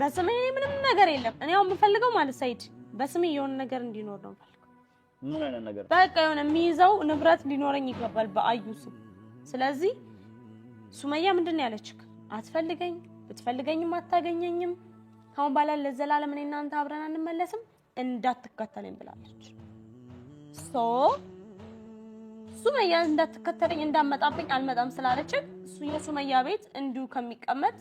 በስሜ ምንም ነገር የለም። እኔ አሁን የምፈልገው ማለት ሳይድ በስሜ የሆነ ነገር እንዲኖር ነው የምፈልገው። ምን አይነት ነገር? በቃ የሆነ የሚይዘው ንብረት ሊኖረኝ ይገባል በአዩ ስም። ስለዚህ ሱመያ ምንድን ነው አትፈልገኝ፣ ብትፈልገኝም አታገኘኝም። ካሁን በኋላ ለዘላለም እኔ እናንተ አብረን አንመለስም፣ እንዳትከተለኝ ብላለች። ሶ ሱመያ እንዳትከተለኝ እንዳመጣብኝ አልመጣም ስላለችህ እሱ የሱመያ ቤት እንዲሁ ከሚቀመጥ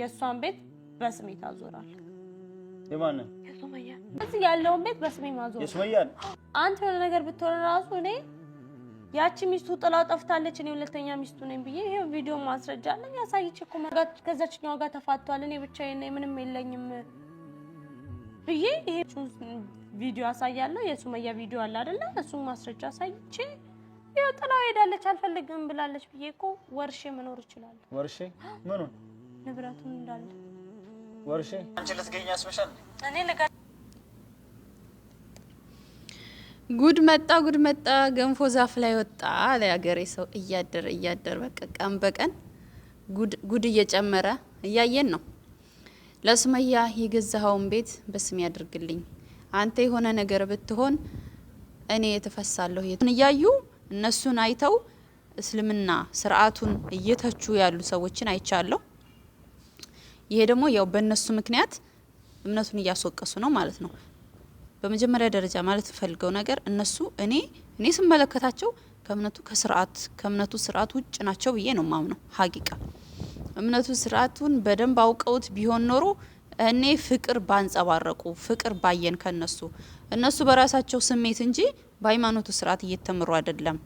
የእሷን ቤት በስሜ ታዞራል። የማንን የሱመያ እዚህ ያለውን ቤት በስሜ ማዞር የሱመያ አንተ የሆነ ነገር ብትሆን ራሱ እኔ ያቺ ሚስቱ ጥላው ጠፍታለች፣ እኔ ሁለተኛ ሚስቱ ነኝ ብዬ ይሄ ቪዲዮ ማስረጃ አለኝ ያሳይቼ እኮ ማጋት ከዛችኛው ጋር ተፋቷል፣ እኔ ብቻዬን ነኝ ምንም የለኝም ብዬ ይሄ ቪዲዮ አሳያለሁ። የሱመያ ቪዲዮ አለ አይደለ? እሱ ማስረጃ አሳይቼ ይሄ ጥላው ሄዳለች አልፈልግም ብላለች ብዬ እኮ ወርሼ መኖር እችላለሁ። ወርሼ ምኑን ንብረቱን እንዳለ አንቺ እኔ ጉድ መጣ ጉድ መጣ፣ ገንፎ ዛፍ ላይ ወጣ አለ ያገሬ ሰው። እያደር እያደር በቃ ቀን በቀን ጉድ እየጨመረ እያየን ነው። ለሱመያ የገዛኸውን ቤት በስም ያድርግልኝ፣ አንተ የሆነ ነገር ብትሆን እኔ የተፈሳለሁ። እያዩ እነሱን አይተው እስልምና ስርዓቱን እየተቹ ያሉ ሰዎችን አይቻለሁ። ይሄ ደግሞ ያው በእነሱ ምክንያት እምነቱን እያስወቀሱ ነው ማለት ነው። በመጀመሪያ ደረጃ ማለት ፈልገው ነገር እነሱ እኔ እኔ ስመለከታቸው ከእምነቱ ከስርዓት ከእምነቱ ስርዓት ውጭ ናቸው ብዬ ነው ማምነው። ሀቂቃ እምነቱ ስርዓቱን በደንብ አውቀውት ቢሆን ኖሮ እኔ ፍቅር ባንጸባረቁ ፍቅር ባየን ከነሱ እነሱ በራሳቸው ስሜት እንጂ በሃይማኖቱ ስርዓት እየተመሩ አይደለም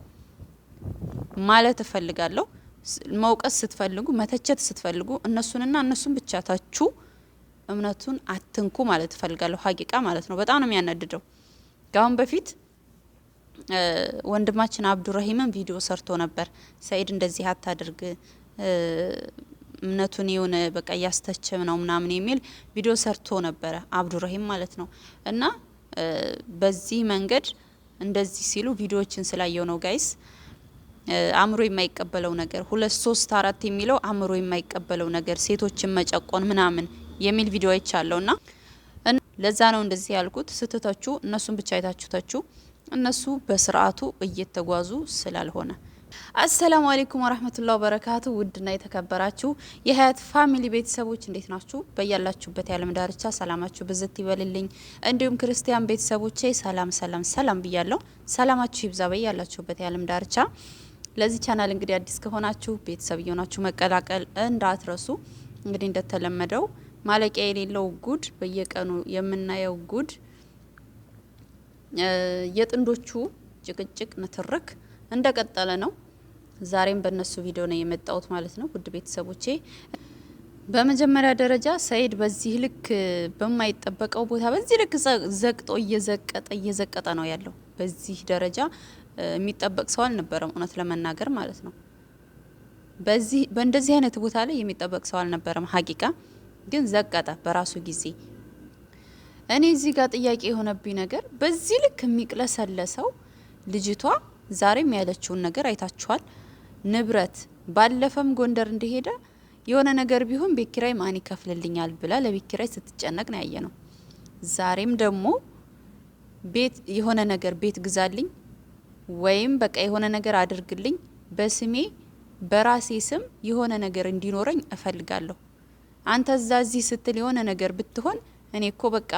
ማለት እፈልጋለሁ። መውቀስ ስትፈልጉ፣ መተቸት ስትፈልጉ እነሱንና እነሱን ብቻ ታቹ እምነቱን አትንኩ ማለት እፈልጋለሁ። ሀቂቃ ማለት ነው። በጣም ነው የሚያናድደው። ከአሁን በፊት ወንድማችን አብዱራሂምን ቪዲዮ ሰርቶ ነበር። ሰኢድ እንደዚህ አታድርግ እምነቱን የሆነ በቃ እያስተችም ነው ምናምን የሚል ቪዲዮ ሰርቶ ነበረ አብዱራሂም ማለት ነው። እና በዚህ መንገድ እንደዚህ ሲሉ ቪዲዮዎችን ስላየው ነው ጋይስ አእምሮ የማይቀበለው ነገር ሁለት ሶስት አራት የሚለው አእምሮ የማይቀበለው ነገር ሴቶችን መጨቆን ምናምን የሚል ቪዲዮ አይቻለሁ ና ለዛ ነው እንደዚህ ያልኩት። ስትተቹ እነሱን ብቻ አይታችሁ ተቹ። እነሱ በስርዓቱ እየተጓዙ ስላልሆነ አሰላሙ አሌይኩም ወረህመቱላ ወበረካቱ። ውድና የተከበራችሁ የሀያት ፋሚሊ ቤተሰቦች እንዴት ናችሁ? በያላችሁበት የዓለም ዳርቻ ሰላማችሁ ብዝት ይበልልኝ። እንዲሁም ክርስቲያን ቤተሰቦቼ ሰላም ሰላም ሰላም ብያለሁ። ሰላማችሁ ይብዛ በያላችሁበት የዓለም ዳርቻ ለዚህ ቻናል እንግዲህ አዲስ ከሆናችሁ ቤተሰብ እየሆናችሁ መቀላቀል እንዳትረሱ። እንግዲህ እንደተለመደው ማለቂያ የሌለው ጉድ በየቀኑ የምናየው ጉድ የጥንዶቹ ጭቅጭቅ ንትርክ እንደቀጠለ ነው። ዛሬም በእነሱ ቪዲዮ ነው የመጣሁት ማለት ነው። ውድ ቤተሰቦቼ በመጀመሪያ ደረጃ ሰይድ በዚህ ልክ በማይጠበቀው ቦታ በዚህ ልክ ዘቅጦ እየዘቀጠ እየዘቀጠ ነው ያለው። በዚህ ደረጃ የሚጠበቅ ሰው አልነበረም፣ እውነት ለመናገር ማለት ነው። በዚህ በእንደዚህ አይነት ቦታ ላይ የሚጠበቅ ሰው አልነበረም። ሀቂቃ ግን ዘቀጠ በራሱ ጊዜ። እኔ እዚህ ጋር ጥያቄ የሆነብኝ ነገር በዚህ ልክ የሚቅለሰለሰው ልጅቷ ዛሬም ያለችውን ነገር አይታችኋል። ንብረት ባለፈም ጎንደር እንደሄደ የሆነ ነገር ቢሆን ቤት ኪራይ ማን ይከፍልልኛል ብላ ለቤት ኪራይ ስትጨነቅ ነው ያየ ነው። ዛሬም ደግሞ ቤት የሆነ ነገር ቤት ግዛልኝ ወይም በቃ የሆነ ነገር አድርግልኝ፣ በስሜ በራሴ ስም የሆነ ነገር እንዲኖረኝ እፈልጋለሁ። አንተ እዛ እዚህ ስትል የሆነ ነገር ብትሆን እኔ እኮ በቃ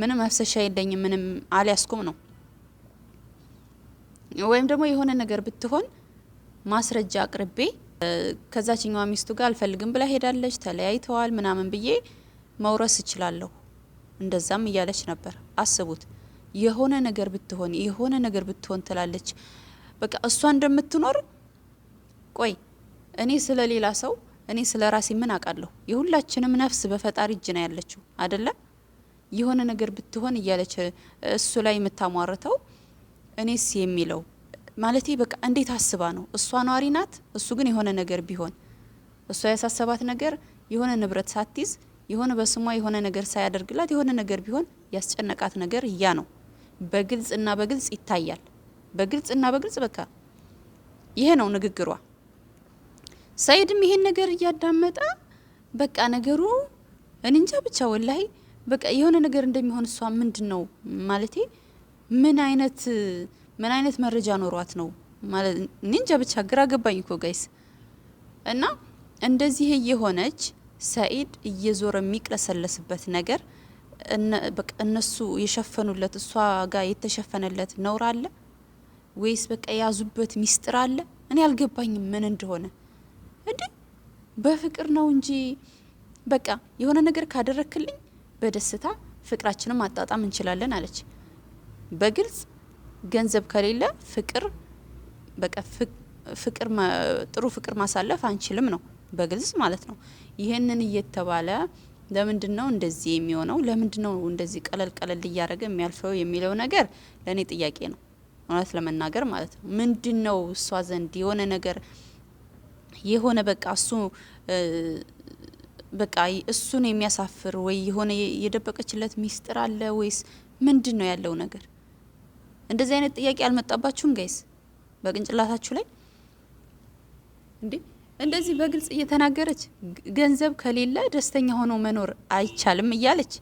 ምንም መፍሰሻ የለኝም ምንም አሊያስኩም ነው። ወይም ደግሞ የሆነ ነገር ብትሆን ማስረጃ አቅርቤ ከዛችኛዋ ሚስቱ ጋር አልፈልግም ብላ ሄዳለች፣ ተለያይተዋል ምናምን ብዬ መውረስ እችላለሁ። እንደዛም እያለች ነበር። አስቡት። የሆነ ነገር ብትሆን የሆነ ነገር ብትሆን ትላለች። በቃ እሷ እንደምትኖር ቆይ እኔ ስለ ሌላ ሰው እኔ ስለ ራሴ ምን አውቃለሁ? የሁላችንም ነፍስ በፈጣሪ እጅ ነው ያለችው አደለ? የሆነ ነገር ብትሆን እያለች እሱ ላይ የምታሟርተው እኔስ የሚለው ማለት በቃ እንዴት አስባ ነው? እሷ ኗሪ ናት። እሱ ግን የሆነ ነገር ቢሆን እሷ ያሳሰባት ነገር የሆነ ንብረት ሳትይዝ የሆነ በስሟ የሆነ ነገር ሳያደርግላት የሆነ ነገር ቢሆን ያስጨነቃት ነገር እያ ነው። በግልጽና በግልጽ ይታያል። በግልጽና በግልጽ በቃ ይሄ ነው ንግግሯ። ሰይድም ይሄን ነገር እያዳመጠ በቃ ነገሩ እንንጃ ብቻ ወላሂ በቃ የሆነ ነገር እንደሚሆን እሷ ምንድን ነው ማለቴ ምን አይነት ምን አይነት መረጃ ኖሯት ነው ማለት እንንጃ ብቻ ግራ ገባኝ እኮ ጋይስ። እና እንደዚህ እየሆነች ሰይድ እየዞረ የሚቅለሰለስበት ነገር እነሱ የሸፈኑለት እሷ ጋር የተሸፈነለት ነውር አለ ወይስ በቃ የያዙበት ሚስጥር አለ? እኔ አልገባኝም ምን እንደሆነ። እንዴ በፍቅር ነው እንጂ በቃ የሆነ ነገር ካደረክልኝ በደስታ ፍቅራችንም ማጣጣም እንችላለን አለች። በግልጽ ገንዘብ ከሌለ ፍቅር በቃ ፍቅር ጥሩ ፍቅር ማሳለፍ አንችልም ነው በግልጽ ማለት ነው። ይህንን እየተባለ ለምንድን ነው እንደዚህ የሚሆነው? ለምንድን ነው እንደዚህ ቀለል ቀለል እያደረገ የሚያልፈው የሚለው ነገር ለእኔ ጥያቄ ነው፣ እውነት ለመናገር ማለት ነው። ምንድን ነው እሷ ዘንድ የሆነ ነገር የሆነ በቃ እሱ በቃ እሱን የሚያሳፍር ወይ የሆነ የደበቀችለት ሚስጥር አለ ወይስ ምንድን ነው ያለው ነገር? እንደዚህ አይነት ጥያቄ አልመጣባችሁም ጋይስ በቅንጭላታችሁ ላይ እንዴ? እንደዚህ በግልጽ እየተናገረች ገንዘብ ከሌለ ደስተኛ ሆኖ መኖር አይቻልም እያለች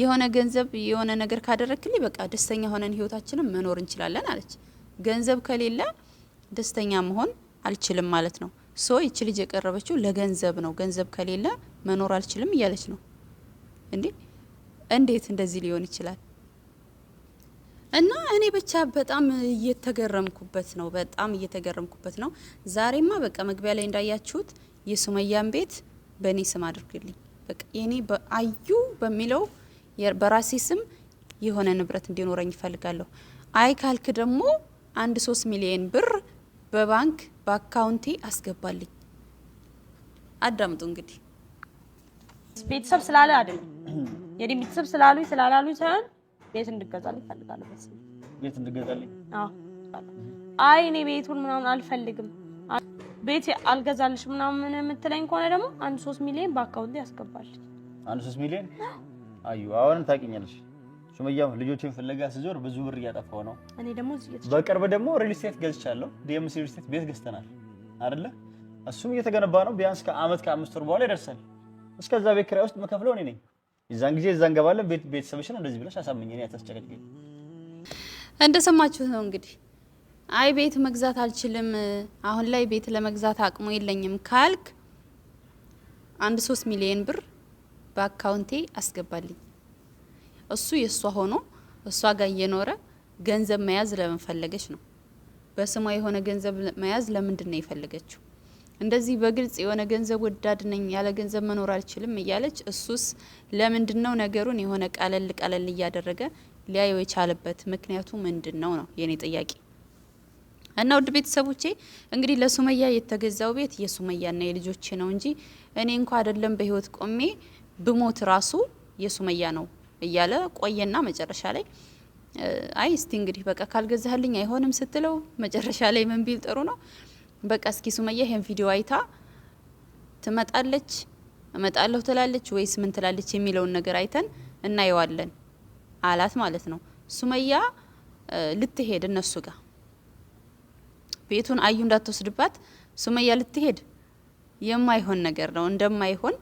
የሆነ ገንዘብ የሆነ ነገር ካደረግክልኝ በቃ ደስተኛ ሆነን ህይወታችንም መኖር እንችላለን አለች። ገንዘብ ከሌለ ደስተኛ መሆን አልችልም ማለት ነው። ሶ ይቺ ልጅ የቀረበችው ለገንዘብ ነው። ገንዘብ ከሌለ መኖር አልችልም እያለች ነው። እንዴ እንዴት እንደዚህ ሊሆን ይችላል? እና እኔ ብቻ በጣም እየተገረምኩበት ነው። በጣም እየተገረምኩበት ነው። ዛሬማ በቃ መግቢያ ላይ እንዳያችሁት የሱመያን ቤት በእኔ ስም አድርግልኝ፣ በቃ የኔ አዩ በሚለው በራሴ ስም የሆነ ንብረት እንዲኖረኝ ይፈልጋለሁ። አይ ካልክ ደግሞ አንድ ሶስት ሚሊዮን ብር በባንክ በአካውንቴ አስገባልኝ። አዳምጡ እንግዲህ ቤተሰብ ስላለ አይደለም የኔ ቤተሰብ ስላሉኝ ስላላሉኝ ሳይሆን ቤት እንድገዛል ይፈልጋል። በስ ቤት እንድገዛል። አዎ አይ እኔ ቤቱን ምናምን አልፈልግም፣ ቤት አልገዛልሽ ምናምን የምትለኝ ከሆነ ደግሞ አንድ ሶስት ሚሊዮን በአካውንት ያስገባል። አንድ ሶስት ሚሊዮን አዩ። አሁንም ታውቂኛለሽ ሱመያም ልጆችን ፍለጋ ስዞር ብዙ ብር እያጠፋው ነው። እኔ ደግሞ በቅርብ ደግሞ ሪል ስቴት ገዝቻለሁ። ዲኤምሲ ሪል ስቴት ቤት ገዝተናል አይደለ? እሱም እየተገነባ ነው። ቢያንስ ከአመት ከአምስት ወር በኋላ ይደርሳል። እስከዛ ቤት ኪራይ ውስጥ መከፍለው እኔ ነኝ። የዛን ጊዜ እዛ እንገባለን። ቤተሰብሽን እንደዚህ ብለሽ አሳምኝ። እኔ እንደሰማችሁት ነው እንግዲህ አይ ቤት መግዛት አልችልም፣ አሁን ላይ ቤት ለመግዛት አቅሙ የለኝም ካልክ አንድ ሶስት ሚሊዮን ብር በአካውንቴ አስገባልኝ። እሱ የእሷ ሆኖ እሷ ጋር እየኖረ ገንዘብ መያዝ ለመፈለገች ነው? በስሟ የሆነ ገንዘብ መያዝ ለምንድን ነው የፈለገችው? እንደዚህ በግልጽ የሆነ ገንዘብ ወዳድ ነኝ ያለ ገንዘብ መኖር አልችልም እያለች እሱስ ለምንድን ነው ነገሩን የሆነ ቀለል ቀለል እያደረገ ሊያየው የቻለበት ምክንያቱ ምንድን ነው ነው የኔ ጥያቄ። እና ውድ ቤተሰቦቼ እንግዲህ ለሱመያ የተገዛው ቤት የሱመያና የልጆቼ ነው እንጂ እኔ እንኳ አይደለም በህይወት ቆሜ ብሞት ራሱ የሱመያ ነው እያለ ቆየና መጨረሻ ላይ አይ እስቲ እንግዲህ በቃ ካልገዛህልኝ አይሆንም ስትለው መጨረሻ ላይ ምን ቢል ጥሩ ነው በቃ እስኪ ሱመያ ይሄን ቪዲዮ አይታ ትመጣለች እመጣለሁ ትላለች ወይስ ምን ትላለች የሚለውን ነገር አይተን እናየዋለን አላት ማለት ነው። ሱመያ ልትሄድ እነሱ ጋር ቤቱን አዩ እንዳትወስድባት ሱመያ ልትሄድ የማይሆን ነገር ነው። እንደማይሆን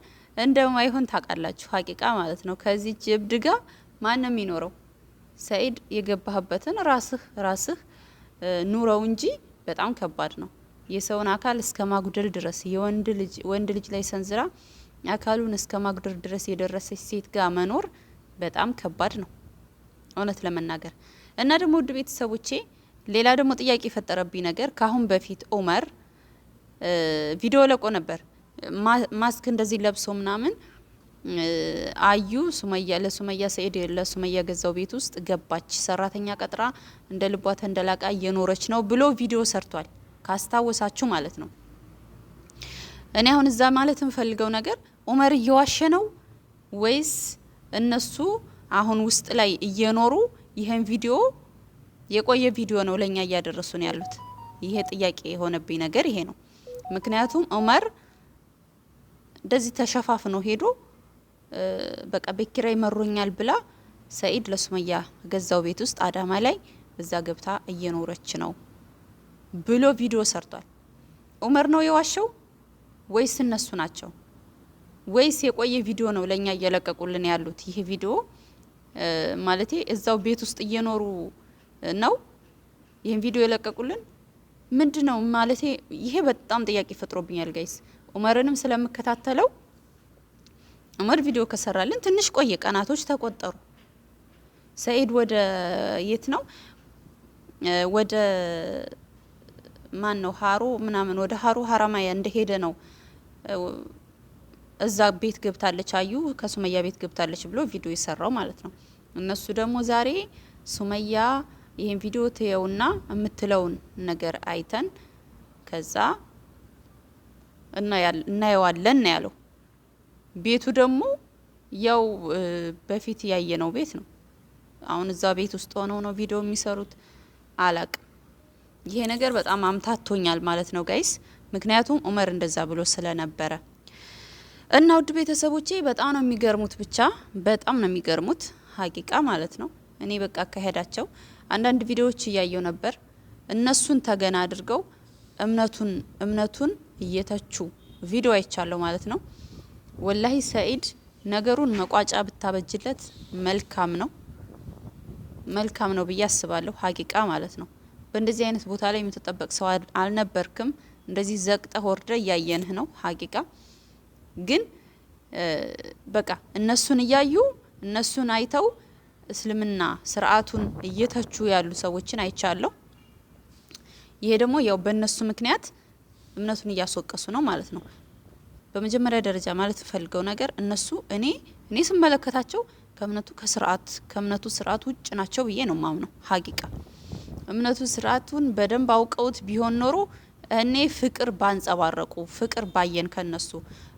እንደማይሆን ታውቃላችሁ፣ ሀቂቃ ማለት ነው። ከዚህ ጀብድ ጋር ማን የሚኖረው? ሰኢድ የገባህበትን ራስህ ራስህ ኑረው እንጂ በጣም ከባድ ነው። የሰውን አካል እስከ ማጉደል ድረስ የወንድ ልጅ ላይ ሰንዝራ አካሉን እስከ ማጉደል ድረስ የደረሰች ሴት ጋር መኖር በጣም ከባድ ነው እውነት ለመናገር እና ደግሞ ውድ ቤተሰቦቼ ሌላ ደግሞ ጥያቄ የፈጠረብኝ ነገር ከአሁን በፊት ኡመር ቪዲዮ ለቆ ነበር። ማስክ እንደዚህ ለብሶ ምናምን አዩ ሱመያ ለሱመያ ሰኢድ ለሱመያ ገዛው ቤት ውስጥ ገባች፣ ሰራተኛ ቀጥራ እንደ ልቧ ተንደላቃ እየኖረች ነው ብሎ ቪዲዮ ሰርቷል። ካስታወሳችሁ ማለት ነው። እኔ አሁን እዛ ማለት የምፈልገው ነገር ኡመር እየዋሸ ነው ወይስ እነሱ አሁን ውስጥ ላይ እየኖሩ ይህን ቪዲዮ የቆየ ቪዲዮ ነው ለእኛ እያደረሱ ነው ያሉት? ይሄ ጥያቄ የሆነብኝ ነገር ይሄ ነው። ምክንያቱም ኡመር እንደዚህ ተሸፋፍኖ ሄዶ በቃ ቤት መሮኛል ብላ ሰኢድ ለሱመያ ገዛው ቤት ውስጥ አዳማ ላይ እዛ ገብታ እየኖረች ነው። ብሎ ቪዲዮ ሰርቷል። ኡመር ነው የዋሸው ወይስ እነሱ ናቸው ወይስ የቆየ ቪዲዮ ነው ለእኛ እየለቀቁልን ያሉት? ይህ ቪዲዮ ማለት እዛው ቤት ውስጥ እየኖሩ ነው ይህን ቪዲዮ የለቀቁልን ምንድን ነው ማለት? ይሄ በጣም ጥያቄ ፈጥሮብኛል ጋይስ። ኡመርንም ስለምከታተለው ኡመር ቪዲዮ ከሰራልን ትንሽ ቆየ፣ ቀናቶች ተቆጠሩ። ሰኢድ ወደ የት ነው ወደ ማን ነው ሀሩ ምናምን ወደ ሀሩ ሀራማያ እንደሄደ ነው እዛ ቤት ገብታለች አዩ ከሱመያ ቤት ገብታለች ብሎ ቪዲዮ የሰራው ማለት ነው። እነሱ ደግሞ ዛሬ ሱመያ ይህን ቪዲዮ ትየውና የምትለውን ነገር አይተን ከዛ እናየዋለን ነው ያለው። ቤቱ ደግሞ ያው በፊት ያየነው ቤት ነው። አሁን እዛ ቤት ውስጥ ሆነው ነው ቪዲዮ የሚሰሩት። አላቅም ይሄ ነገር በጣም አምታቶኛል ማለት ነው ጋይስ። ምክንያቱም ኡመር እንደዛ ብሎ ስለነበረ እና ውድ ቤተሰቦቼ በጣም ነው የሚገርሙት፣ ብቻ በጣም ነው የሚገርሙት ሀቂቃ ማለት ነው። እኔ በቃ አካሄዳቸው አንዳንድ ቪዲዮዎች እያየው ነበር። እነሱን ተገና አድርገው እምነቱን እምነቱን እየተቹ ቪዲዮ አይቻለሁ ማለት ነው። ወላሂ ሰኢድ ነገሩን መቋጫ ብታበጅለት መልካም ነው መልካም ነው ብዬ አስባለሁ ሀቂቃ ማለት ነው። በእንደዚህ አይነት ቦታ ላይ የምትጠበቅ ሰው አልነበርክም። እንደዚህ ዘቅጠ ወርደ እያየንህ ነው። ሀቂቃ ግን በቃ እነሱን እያዩ እነሱን አይተው እስልምና ስርዓቱን እየተቹ ያሉ ሰዎችን አይቻለሁ። ይሄ ደግሞ ያው በእነሱ ምክንያት እምነቱን እያስወቀሱ ነው ማለት ነው። በመጀመሪያ ደረጃ ማለት ፈልገው ነገር እነሱ እኔ እኔ ስመለከታቸው ከእምነቱ ከስርዓት ከእምነቱ ስርዓት ውጭ ናቸው ብዬ ነው ማምነው ሀቂቃ እምነቱን ስርዓቱን በደንብ አውቀውት ቢሆን ኖሮ እኔ ፍቅር ባንጸባረቁ ፍቅር ባየን ከነሱ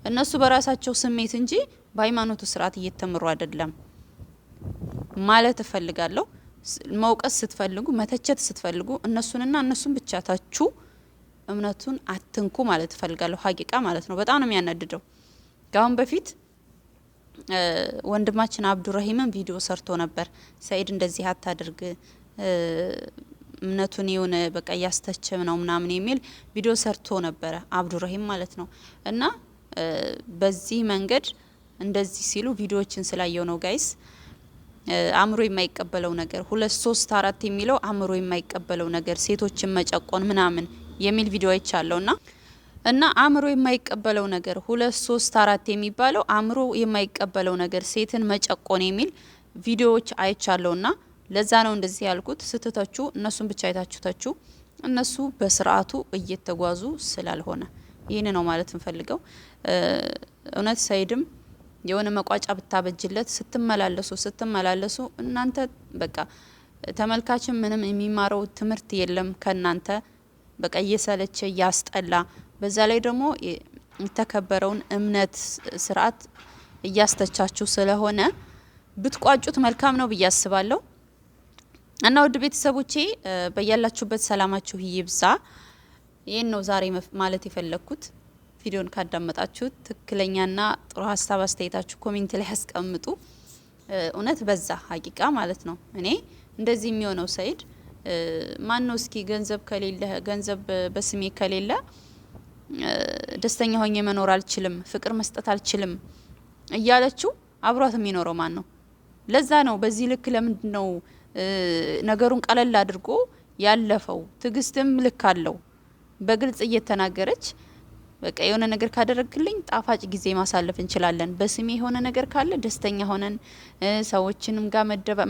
እነሱ በራሳቸው ስሜት እንጂ በሃይማኖቱ ስርዓት እየተመሩ አይደለም ማለት እፈልጋለሁ። መውቀስ ስትፈልጉ፣ መተቸት ስትፈልጉ እነሱንና እነሱን ብቻ ታቹ፣ እምነቱን አትንኩ ማለት እፈልጋለሁ። ሀቂቃ ማለት ነው። በጣም ነው የሚያናድደው። ከአሁን በፊት ወንድማችን አብዱራሂምን ቪዲዮ ሰርቶ ነበር። ሰኢድ እንደዚህ አታድርግ እምነቱን የሆነ በቃ እያስተችም ነው ምናምን የሚል ቪዲዮ ሰርቶ ነበረ አብዱራሂም ማለት ነው። እና በዚህ መንገድ እንደዚህ ሲሉ ቪዲዮዎችን ስላየው ነው ጋይስ አእምሮ የማይቀበለው ነገር ሁለት ሶስት አራት የሚለው አእምሮ የማይቀበለው ነገር ሴቶችን መጨቆን ምናምን የሚል ቪዲዮ አይቻለሁ ና እና አእምሮ የማይቀበለው ነገር ሁለት ሶስት አራት የሚባለው አእምሮ የማይቀበለው ነገር ሴትን መጨቆን የሚል ቪዲዮዎች አይቻለሁና ለዛ ነው እንደዚህ ያልኩት። ስትተቹ እነሱን ብቻ አይታችሁ እነሱ በስርዓቱ እየተጓዙ ስላልሆነ ይህን ነው ማለት እንፈልገው። እውነት ሰይድም የሆነ መቋጫ ብታበጅለት ስትመላለሱ ስትመላለሱ እናንተ በቃ ተመልካችን ምንም የሚማረው ትምህርት የለም ከእናንተ በቃ እየሰለቸ እያስጠላ በዛ ላይ ደግሞ የተከበረውን እምነት ስርዓት እያስተቻችሁ ስለሆነ ብትቋጩት መልካም ነው ብዬ አስባለሁ። እና ውድ ቤተሰቦቼ በያላችሁበት ሰላማችሁ ይብዛ። ይህን ነው ዛሬ ማለት የፈለግኩት። ቪዲዮን ካዳመጣችሁ ትክክለኛና ጥሩ ሀሳብ አስተያየታችሁ ኮሜንት ላይ ያስቀምጡ። እውነት በዛ ሀቂቃ ማለት ነው። እኔ እንደዚህ የሚሆነው ሰይድ ማን ነው እስኪ ገንዘብ ከሌለ ገንዘብ በስሜ ከሌለ ደስተኛ ሆኜ መኖር አልችልም፣ ፍቅር መስጠት አልችልም እያለችው አብሯት የሚኖረው ማን ነው? ለዛ ነው በዚህ ልክ ለምንድን ነው ነገሩን ቀለል አድርጎ ያለፈው ትግስትም ልክ አለው። በግልጽ እየተናገረች በቃ የሆነ ነገር ካደረግልኝ ጣፋጭ ጊዜ ማሳለፍ እንችላለን። በስሜ የሆነ ነገር ካለ ደስተኛ ሆነን ሰዎችንም ጋር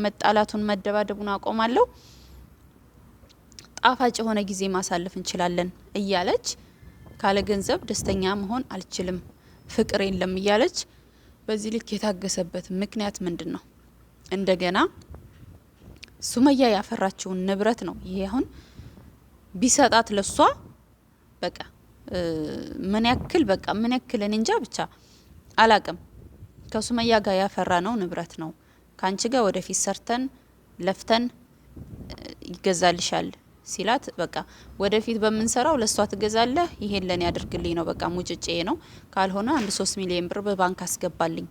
መጣላቱን መደባደቡን አቆማለሁ። ጣፋጭ የሆነ ጊዜ ማሳለፍ እንችላለን እያለች ካለ ገንዘብ ደስተኛ መሆን አልችልም፣ ፍቅር የለም እያለች በዚህ ልክ የታገሰበት ምክንያት ምንድን ነው? እንደገና ሱመያ ያፈራችውን ንብረት ነው። ይሄ አሁን ቢሰጣት ለሷ በቃ ምን ያክል በቃ ምን ያክል እኔ እንጃ ብቻ አላቅም። ከሱመያ ጋር ያፈራ ነው ንብረት ነው። ከአንቺ ጋር ወደፊት ሰርተን ለፍተን ይገዛልሻል ሲላት በቃ ወደፊት በምንሰራው ለእሷ ትገዛለህ፣ ይሄን ለእኔ አድርግልኝ ነው በቃ ሙጭጭዬ ነው። ካልሆነ አንድ ሶስት ሚሊዮን ብር በባንክ አስገባልኝ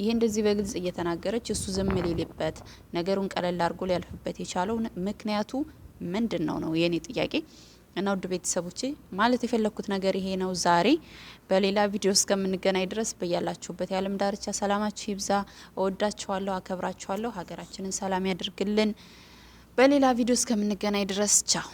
ይሄ እንደዚህ በግልጽ እየተናገረች እሱ ዝም ሊልበት ነገሩን ቀለል አድርጎ ሊያልፍበት የቻለው ምክንያቱ ምንድን ነው ነው የኔ ጥያቄ። እና ውድ ቤተሰቦቼ ማለት የፈለግኩት ነገር ይሄ ነው። ዛሬ በሌላ ቪዲዮ እስከምንገናኝ ድረስ በያላችሁበት የዓለም ዳርቻ ሰላማችሁ ይብዛ። እወዳችኋለሁ፣ አከብራችኋለሁ። ሀገራችንን ሰላም ያድርግልን። በሌላ ቪዲዮ እስከምንገናኝ ድረስ ቻው።